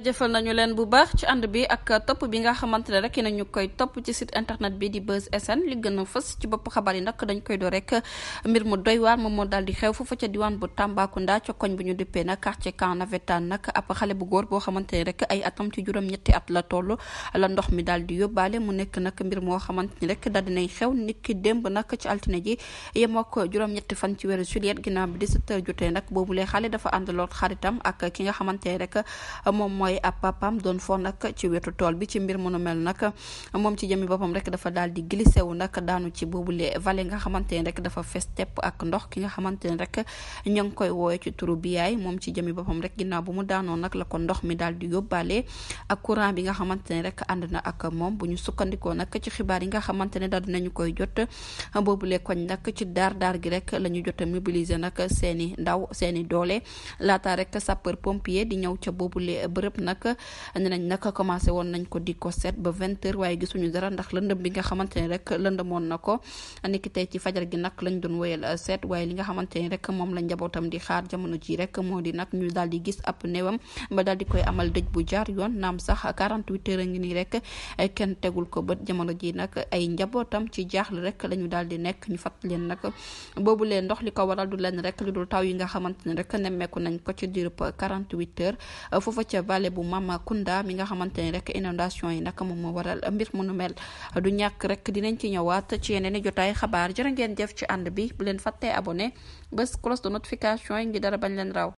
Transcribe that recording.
jëfal nañu leen bu baax ci ànd bi ak topp bi nga xamante ne rek nañu koy topp ci site internet bi di bës SN li gën a fës ci bopp xabaar yi nag dañ koy doo rek mbir mu doy waar moom moo daal di xew foofa ca diwaan bu Tambacounda ca koñ bu ñu duppee nag quartier Camp Navétane nag ab xale bu góor boo xamante ne rek ay atam ci juróom at la toll la ndox mi daal di yóbbaale mu nekk nag mbir moo xamante ni rek daal dinay xew nit ki démb nag ci altine ji yem ak juróom-ñetti fan ci weeru juillet ginnaaw bi di heures jotee nag boobu lee xale dafa àndaloon xaritam ak ki nga xamante ne rek moom mooy ab papam doon fo ci wetu tool bi ci mbir mënu mel nag moom ci jëmmi boppam rek dafa daal di glissé wu nag daanu ci boobule vallée nga xamante ne rek dafa fees tepp ak ndox ki nga xamante ne rek ña ngi koy woowee ci turu moom ci jëmi boppam rek ginnaaw bu mu daanoo nag la ko ndox mi daal di yóbbaale ak courant bi nga xamante ne rek ànd na ak moom bu ñu sukkandikoo nag ci xibaar yi nga xamante ne daal dinañu koy jot boobule koñ nag ci daar daar gi rek la ñu jot a nag seeni ndaw seeni doole laata rek sapeur pompier di ñëw ca boobule bërëb yëpp nag ne nañ commencé woon nañ ko di ko seet ba vingt heures waaye gisuñu dara ndax lëndëm bi nga xamante ne rek lëndëmoon na ko niki tey ci fajar gi nag lañ doon wéyal euh, seet waaye li nga xamante ne rek moom la njabootam di xaar jamono ji rek moo di nag ñu daal di gis ab néewam ba daal di koy amal dëj bu jaar yoon naam sax 48 heures a ngi nii rek euh, kenn tegul ko bët jamono ji nag ay njabootam ci jaaxle rek la ñu daal di nekk ñu fat leen nag boobu leen ndox li ko waral du leen rek lu du taw yi nga xamante ne rek nemmeeku nañ ko ci diirub 48 heures euh, foofa ca xale bu Mamakunda mi nga xamante ni rek inondation yi nag moom moo waral mbir mu nu mel du ñàkk rek dinañ ci ñëwaat ci yeneen i jotaay xabaar jërë ngeen jëf ci ànd bi bu leen fàttee abonné bés cloche de notification yi ngi dara bañ leen raw